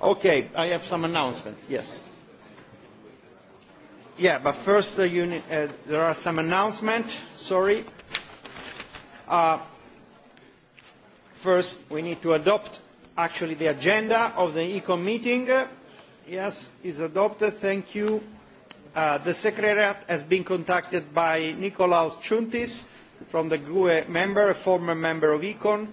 Okay, I have some announcements, Yes. Yeah, but first uh, uh there are some announcements, Sorry. Uh, first, we need to adopt actually the agenda of the ECOM meeting. yes, is adopted. Thank you. Uh, the Secretariat has been contacted by Nikolaos Chuntis from the GUE member, a former member of ECON,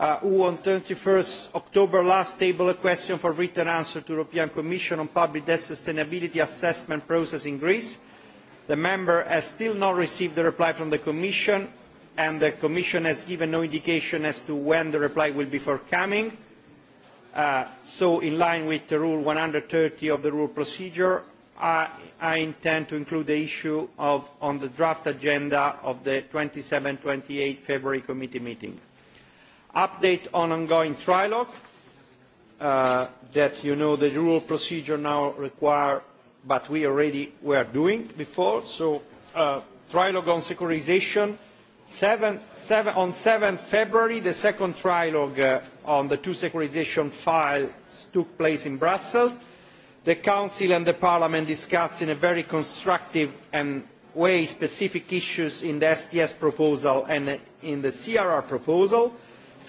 Uh, who on twenty one october last tabled a question for written answer to the european commission on public debt sustainability assessment process in greece. the member has still not received a reply from the commission and the commission has given no indication as to when the reply will be forthcoming. Uh, so in line with rule one hundred and thirty of the rule procedure I, intend to include the issue on the draft agenda of the twenty seven twenty eight february committee meeting update on ongoing trilogue uh, that you know the rule procedure now require but we already were doing before so uh, trilogue on securitization seven, seven, on 7 February the second trilogue uh, on the two securitization files took place in Brussels the council and the parliament discussed in a very constructive and way specific issues in the sts proposal and in the crr proposal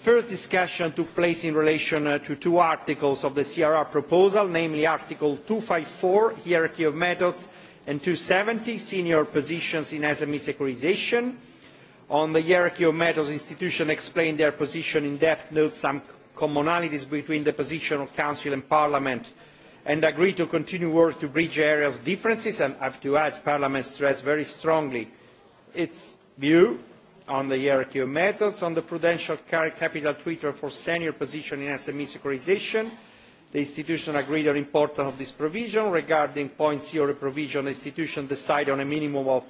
first discussion took place in relation uh, to two articles of the crr proposal namely article two hundred and four hierarchy of methods and two hundred and seventy senior positions in sme securitisation. on the hierarchy of methods institutions explained their position in depth note some commonalities between the position of council and parliament and agreed to continue work to bridge areas of differences and i have to add parliament stressed very strongly its view on the hierarchy of methods, on the prudential capital treatment for senior position in SME securitization. The institution agreed on importance of this provision. Regarding point C of the provision, the institution decided on a minimum of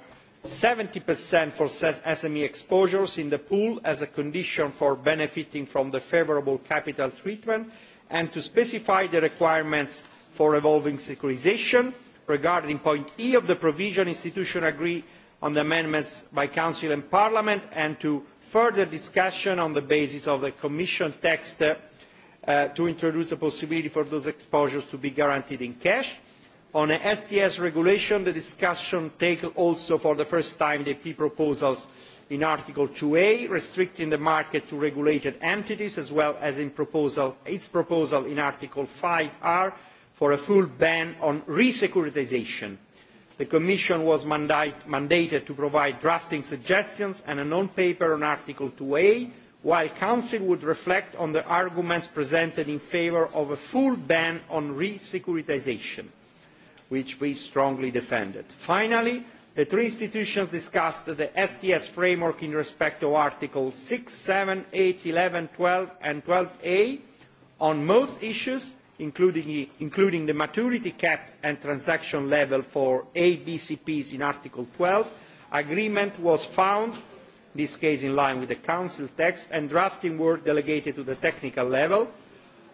70% for SME exposures in the pool as a condition for benefiting from the favorable capital treatment and to specify the requirements for evolving securitization. Regarding point E of the provision, institution agreed on the amendments by Council and Parliament and to further discussion on the basis of the Commission text uh, to introduce the possibility for those exposures to be guaranteed in cash. On the STS regulation, the discussion takes also for the first time the P proposals in Article 2A, restricting the market to regulated entities, as well as in proposal, its proposal in Article 5R for a full ban on re securitisation the commission was mandated to provide drafting suggestions and a non paper on article two a while the council would reflect on the arguments presented in favour of a full ban on re securitisation which we strongly defended. finally the three institutions discussed the sts framework in respect of articles six seven eight eleven twelve and twelve a on most issues including, the maturity cap and transaction level for ABCPs in Article 12. Agreement was found, in this case in line with the Council text, and drafting work delegated to the technical level.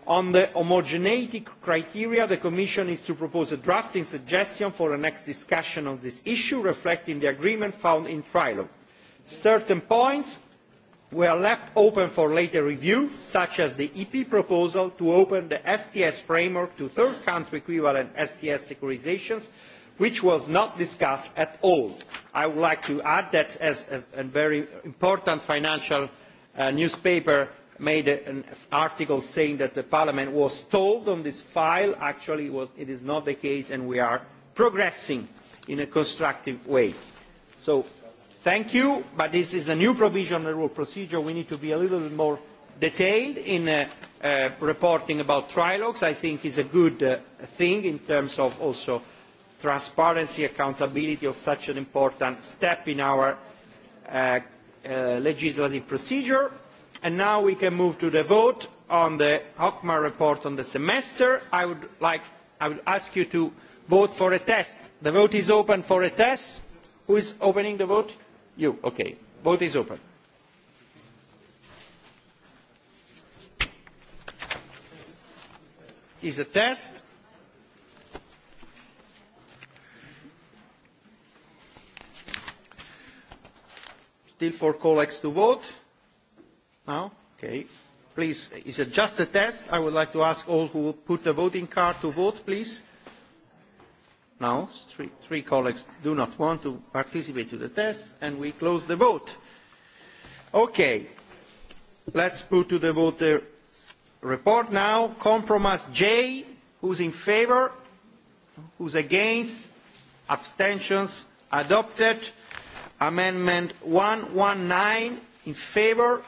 On the homogeneity criteria, the Commission is to propose a drafting suggestion for the next discussion on this issue, reflecting the agreement found in trilogue. Certain points we are left open for later review such as the ep proposal to open the sts framework to third country equivalent sts securitisations which was not discussed at all. i would like to add that as a, very important financial uh, newspaper made an article saying that parliament was told on this file actually it, is not the case and we are progressing in a constructive way. Thank you, but this is a new provision rule procedure. We need to be a little bit more detailed in uh, uh, reporting about trilogues. I think is a good uh, thing in terms of also transparency, accountability of such an important step in our legislative procedure. And now we can move to the vote on the Hochmar report on the semester. I would like, I would ask you to vote for a test. The vote is open for a test. Who is opening the vote? You, okay. Vote is open. Is a test. Still for colleagues to vote. Now, okay. Please, is it just a test? I would like to ask all who put the voting card to vote, please now three, colleagues do not want to participate in the test and we close the vote. okay let's put to the vote the report now compromise j who's in favor, who's against abstentions adopted amendment 119 in favor,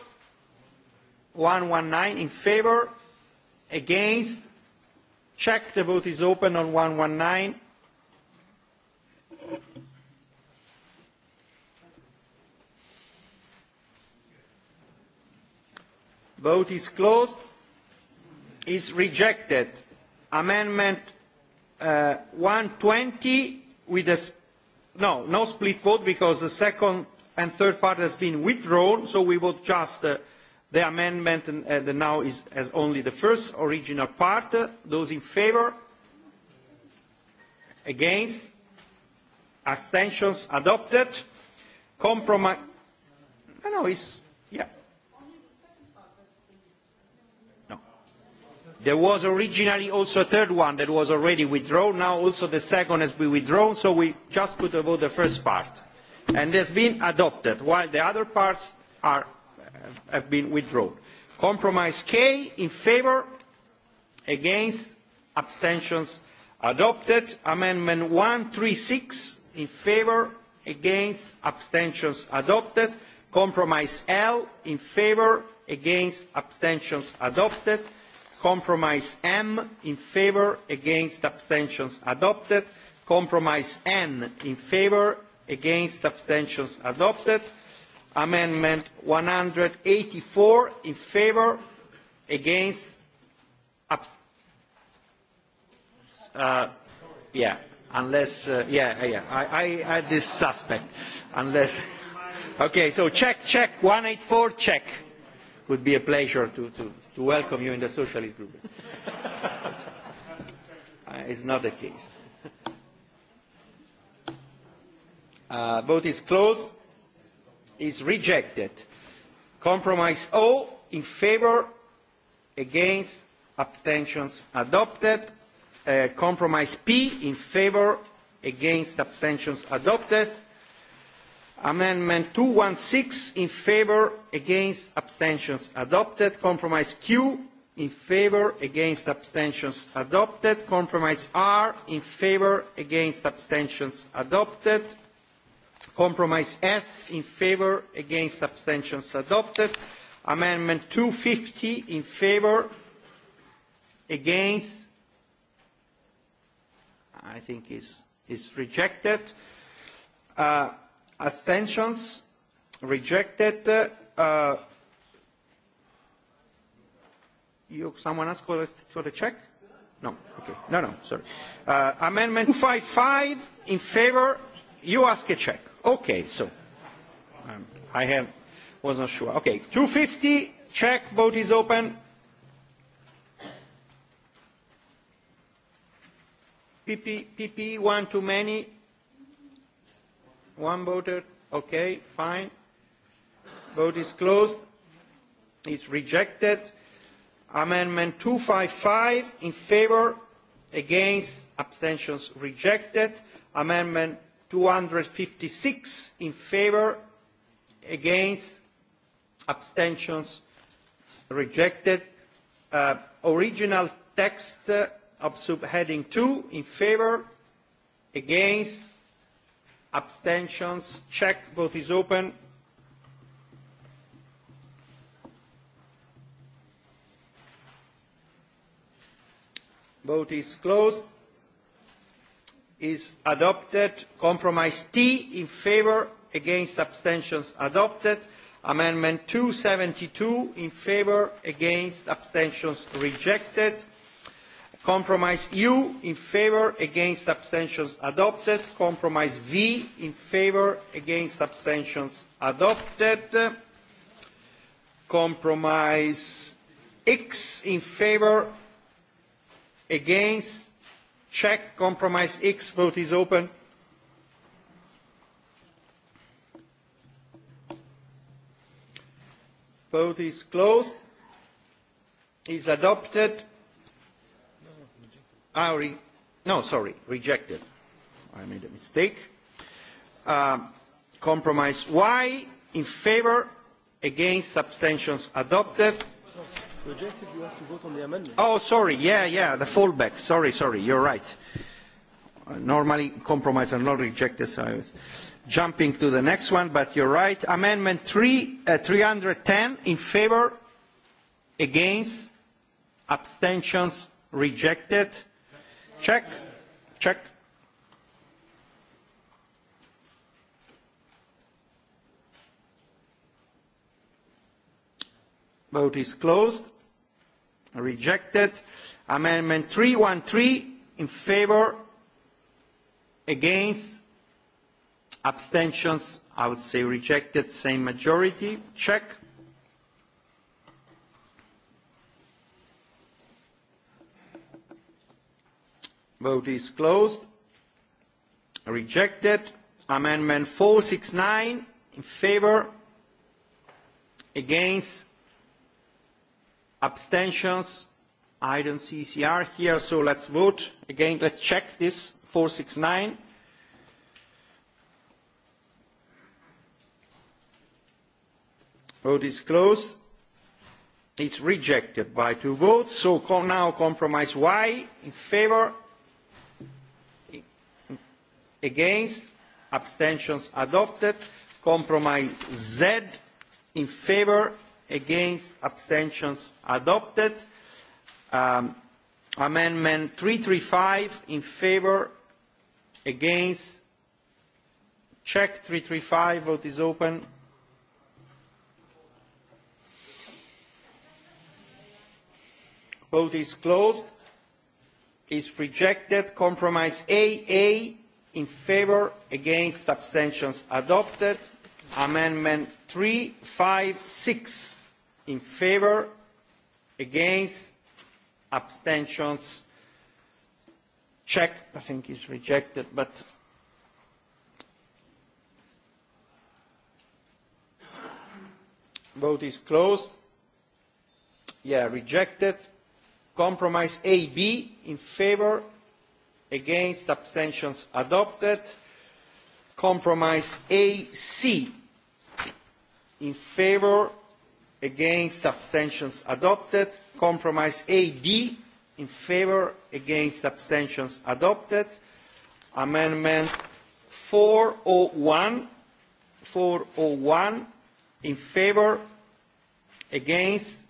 119 in favor, against check the vote is open on 119 vote is closed is rejected amendment uh, 120 with a no no split vote because the second and third part has been withdrawn so we vote just uh, the amendment and, the now is as only the first original part those in favor against abstentions adopted compromise no no yeah There was originally also a third one that was already withdrawn. Now also the second has been withdrawn, so we just put a vote the first part. And has been adopted, while the other parts uh, have been withdrawn. Compromise K in favour, against, abstentions adopted. Amendment 136 in favour, against, abstentions adopted. Compromise L in favour, against, abstentions adopted compromise m in favour against abstentions adopted compromise n in favour against abstentions adopted amendment 184 in favour against uh, yeah unless uh, yeah uh, yeah i i had this suspect unless okay so check check 184 check would be a pleasure to to to welcome you in the socialist group. Uh, it's not the case. Uh, vote is closed. Is rejected. Compromise O in favor, against, abstentions adopted. Uh, compromise P in favor, against, abstentions adopted amendment two hundred and sixteen in favour against abstentions adopted compromise q in favour against abstentions adopted compromise r in favour against abstentions adopted compromise s in favour against abstentions adopted amendment two hundred and fifty in favour against i think is rejected uh, abstentions rejected uh, you someone else for for the check no okay no no sorry uh, amendment 5.5 five in favor you ask a check okay so um, i have was not sure okay 250 check vote is open pp pp one too many one voted? Okay, fine. Vote is closed. It's rejected. Amendment 255 in favor, against, abstentions rejected. Amendment 256 in favor, against, abstentions rejected. Uh, original text of subheading 2 in favor, against, abstentions check vote is open vote is closed is adopted compromise t in favor against abstentions adopted amendment 272 in favor against abstentions rejected compromise u in favour against abstentions adopted compromise v in favour against abstentions adopted compromise x in favour against check compromise x vote is open vote is closed is adopted Ah, no, sorry, rejected. I made a mistake. Um, compromise Y in favor, against, abstentions adopted. Rejected, you have to vote on amendment. Oh, sorry, yeah, yeah, the fallback. Sorry, sorry, you're right. Uh, normally, compromise are not rejected, so I was jumping to the next one, but you're right. Amendment 3, 310 uh, in favor, against, abstentions rejected. Check. Check. Vote is closed. Rejected. Amendment 313 in favor, against, abstentions, I would say rejected, same majority. Check. Vote is closed. Rejected. Amendment 469 in favor. Against. Abstentions. I don't see CR here, so let's vote. Again, let's check this 469. Vote is closed. It's rejected by two votes. So now compromise Y in favor against abstentions adopted compromise z in favor against abstentions adopted um, amendment 335 in favor against check 335 vote is open vote is closed is rejected compromise aa in favour against abstentions adopted amendment three five six in favour against abstentions check i think is rejected but vote is closed yeah rejected compromise B in favour against abstentions adopted compromise ac in favor against abstentions adopted compromise ad in favor against abstentions adopted amendment 401 401 in favor against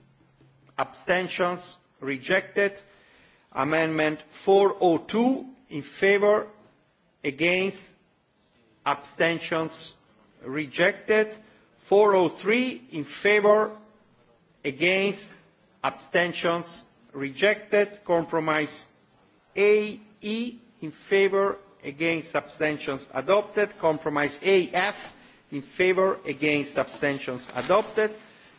abstentions rejected Amendment 402 in favor, against, abstentions rejected. 403 in favor, against, abstentions rejected. Compromise AE in favor, against, abstentions adopted. Compromise AF in favor, against, abstentions adopted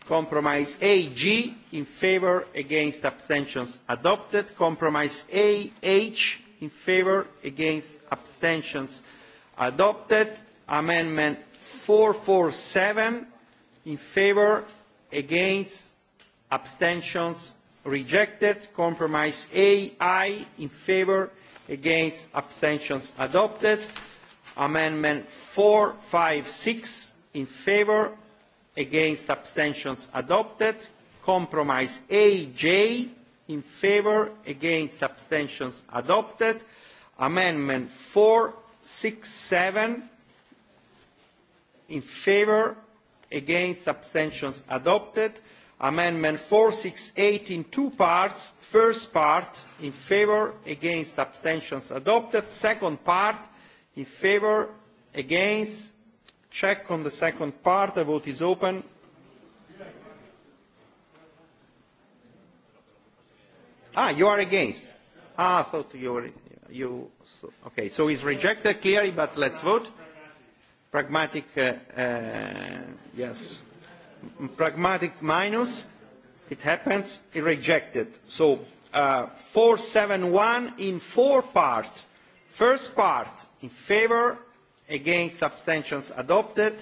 Compromise G in favour against abstentions adopted. Compromise AH in favour against abstentions adopted. Amendment 447 in favour against abstentions rejected. Compromise AI in favour against abstentions adopted. Amendment 456 in favour against abstentions adopted compromise aj in favor. against abstentions adopted amendment four six seven in favor. against abstentions adopted amendment four six eight in two parts first part in favor. against abstentions adopted second part in favor. against check on the second part the vote is open ah you are against ah i thought you were you so, okay so it's rejected clearly but let's vote pragmatic uh, uh yes pragmatic minus it happens it rejected so uh, 471 in four part first part in favor against abstentions adopted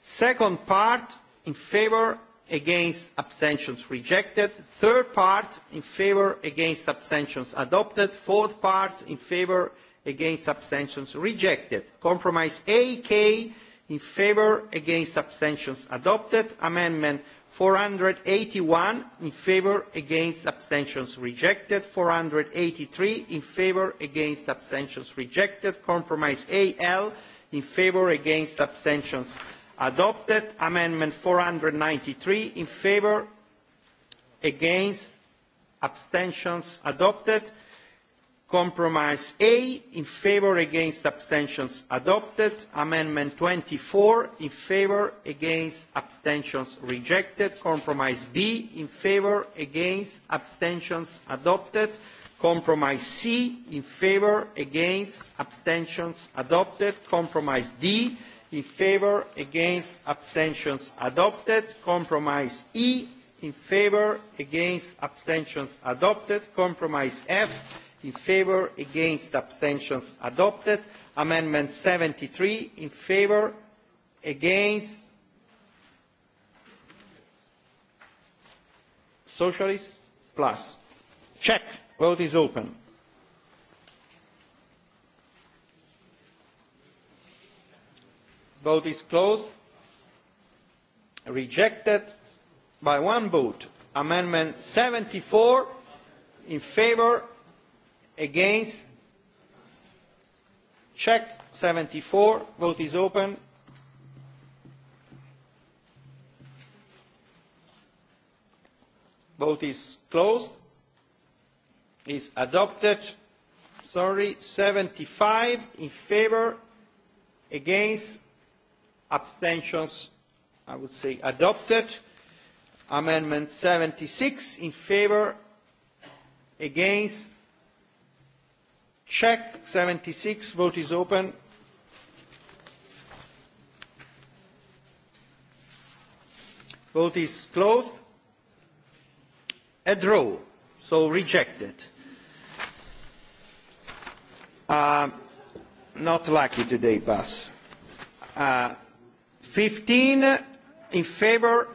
second part in favour against abstentions rejected third part in favour against abstentions adopted fourth part in favour against abstentions rejected compromise ak in favour against abstentions adopted amendment 481 in favor against abstentions rejected 483 in favor against abstentions rejected compromise al in favor against abstentions adopted amendment 493 in favor against abstentions adopted compromise a in favour against abstentions adopted amendment twenty four in favour against abstentions rejected compromise b in favour against abstentions adopted compromise c in favour against abstentions adopted compromise d in favour against abstentions adopted compromise e in favour against abstentions adopted compromise f in favour against abstentions adopted amendment three in favour against socialists plus check vote is open vote is closed rejected by one vote amendment 74 in favour against check 74 vote is open vote is closed is adopted sorry 75 in favor against abstentions i would say adopted amendment 76 in favor against Check 76. Vote is open. Vote is closed. A draw. So rejected. Uh, not lucky today, pass. Uh, 15 in favor.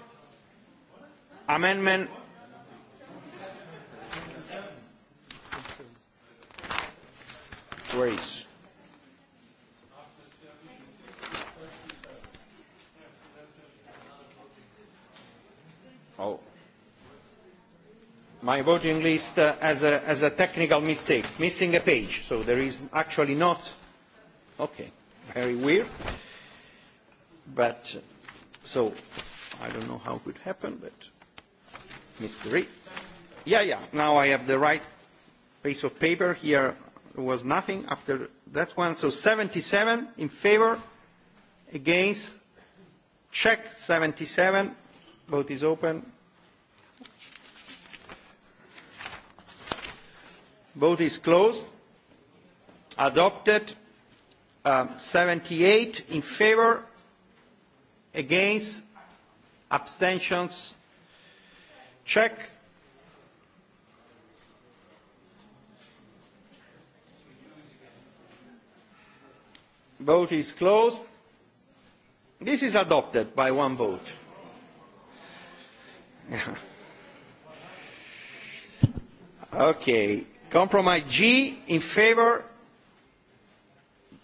Amendment race. Oh. My voting list uh, as, a, as a technical mistake, missing a page, so there is actually not... Okay, very weird. But, uh, so, I don't know how it would happen, but... Mystery. Yeah, yeah, now I have the right piece of paper here was nothing after that one. So 77 in favor, against, check 77. Vote is open. Vote is closed. Adopted. Uh, um, 78 in favor, against, abstentions. Check vote is closed this is adopted by one vote okay compromise g in favor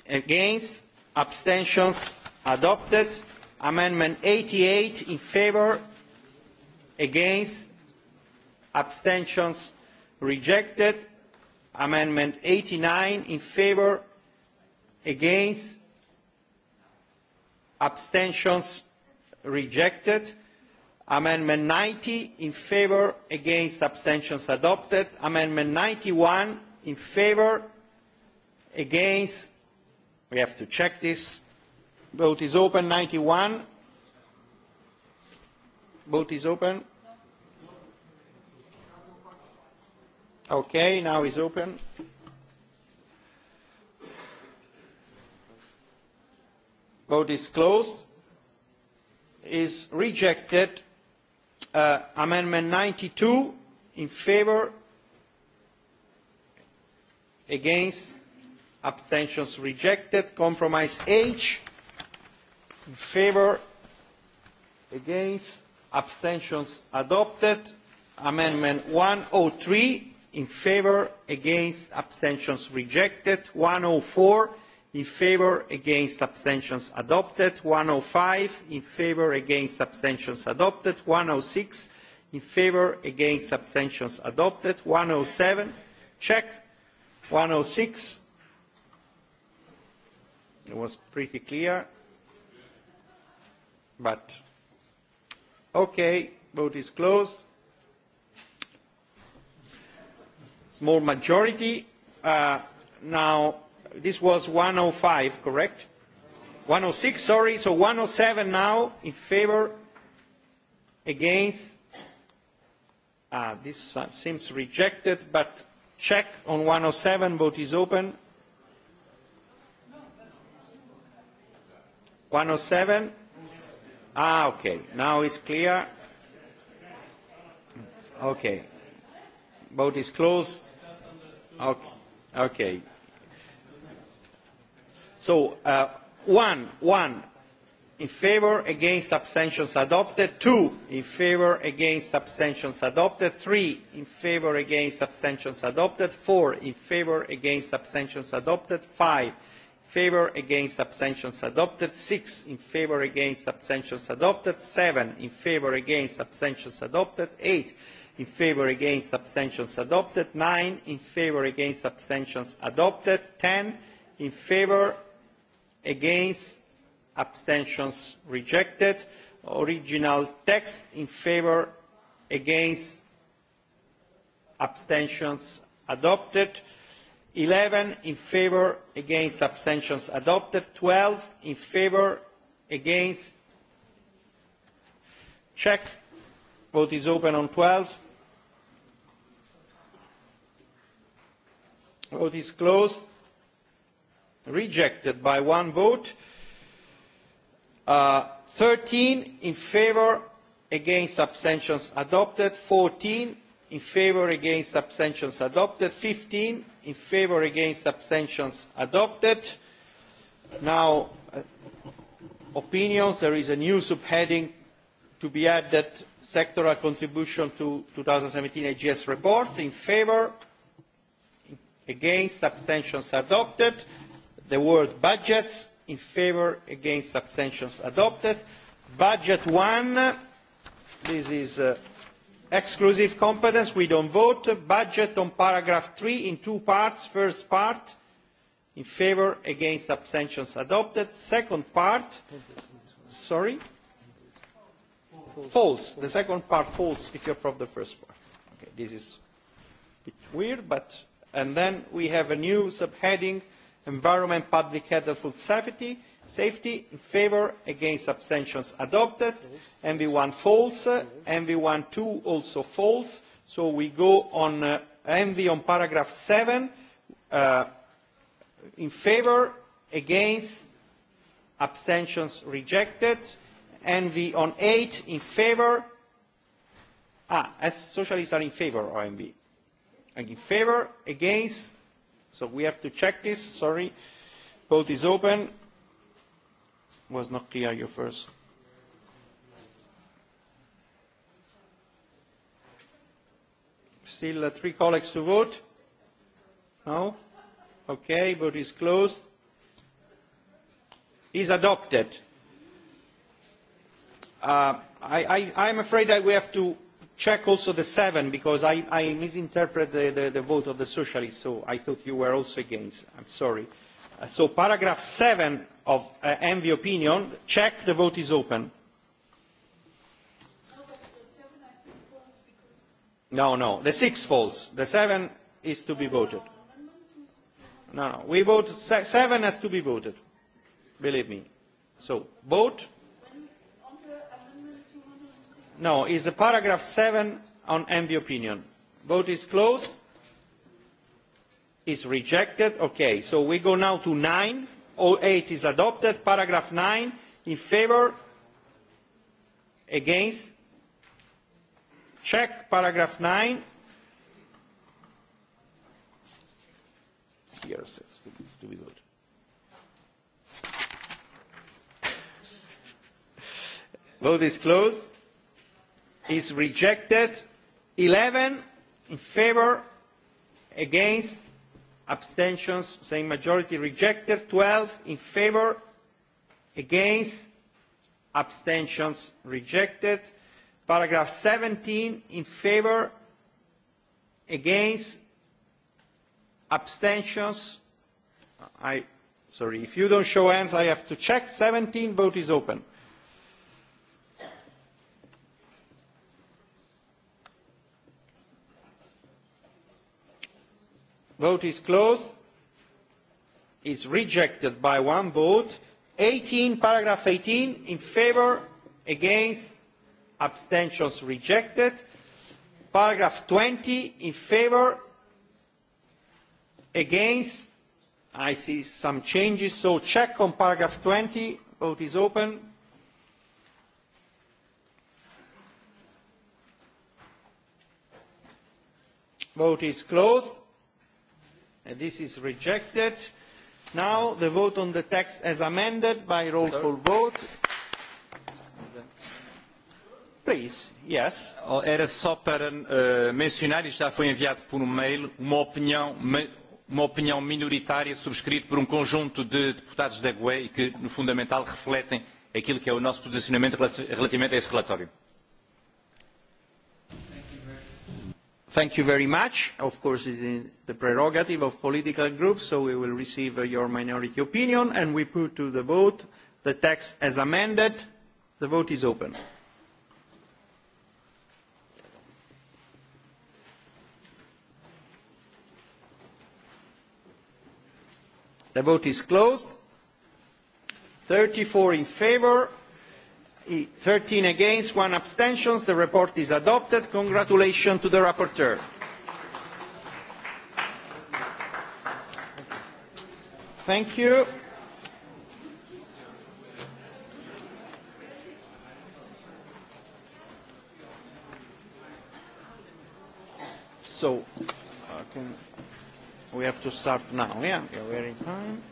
against abstentions adopted amendment 88 in favor against abstentions rejected amendment 89 in favor against abstentions rejected amendment 90 in favor against abstentions adopted amendment 91 in favor against we have to check this vote is open 91 vote is open okay now is open vote is closed is rejected uh, Amendment amendment 92 in favor against abstentions rejected compromise h in favor against abstentions adopted amendment 103 in favor against abstentions rejected 104 in favour against abstentions adopted one hundred oh five in favour against abstentions adopted one hundred oh and six in favour against abstentions adopted one hundred oh seven check one hundred and six it was pretty clear but okay vote is closed small majority uh, now this was 105, correct? 106, sorry. So 107 now in favor, against. Ah, this uh, seems rejected, but check on 107. Vote is open. 107. Ah, okay. Now it's clear. Okay. Vote is closed. Okay. okay. So one, one in favour against abstentions adopted two in favour against abstentions adopted three in favour against abstentions adopted four in favour against abstentions adopted five in favour against abstentions adopted six in favour against abstentions adopted seven in favour against abstentions adopted eight in favour against abstentions adopted nine in favour against abstentions adopted ten in favour against abstentions rejected original text in favour against abstentions adopted 11 in favour, against abstentions adopted 12 in favour against check vote is open on 12 vote is closed rejected by one vote 13 uh, in favor against abstentions adopted 14 in favor against abstentions adopted 15 in favor against abstentions adopted now uh, opinions there is a new subheading to be added sectoral contribution to 2017 AGS report in favor against abstentions adopted the word budgets in favour against abstentions adopted budget one this is uh, exclusive competence we don't vote budget on paragraph three in two parts first part in favour against abstentions adopted second part sorry false the second part false if you approve the first part okay this is a bit weird but and then we have a new subheading environment public health and food safety in favour against abstentions adopted mv one false mv one two also false so we go on mv uh, on paragraph 7 uh, in favour against abstentions rejected mv on 8 in favour ah as socialists are in favour of mv in favour against So we have to check this. Sorry. Vote is open. Was not clear your first. Still uh, three colleagues to vote? No? Okay, vote is closed. Is adopted. Uh, I, I, I'm afraid that we have to check also the seven because i, I misinterpreted the, the, vote of the socialists so i thought you were also against i'm sorry uh, so paragraph seven of uh, envy opinion check the vote is open no no the six falls the seven is to be voted no no we vote seven has to be voted believe me so vote no is paragraph seven on envi opinion. vote is closed. is rejected. okay so we go now to nine. oh eight is adopted. paragraph nine in favor against check paragraph nine. here says to be good. vote is closed is rejected. 11 in favor, against, abstentions, same majority rejected. 12 in favor, against, abstentions rejected. Paragraph 17 in favor, against, abstentions. I, sorry, if you don't show hands, I have to check. 17, vote is open. vote is closed is rejected by one vote 18 paragraph 18 in favor against abstentions rejected paragraph 20 in favor against i see some changes so check on paragraph 20 vote is open vote is closed This is rejected. Now the vote on the text as amended by roll call vote. Please, yes. Era só para mencionar, e já foi enviado por um mail, uma opinião, uma opinião minoritária subscrita por um conjunto de deputados da GUE e que, no fundamental, refletem aquilo que é o nosso posicionamento relativamente a esse relatório. Thank you very much. Of course, it's in the prerogative of political groups, so we will receive uh, your minority opinion, and we put to the vote the text as amended. The vote is open. The vote is closed. 34 in favor, 13 against one abstention the report is adopted. congratulations to the rapporteur. thank you. so okay. Uh, we have to start now. yeah we are in time.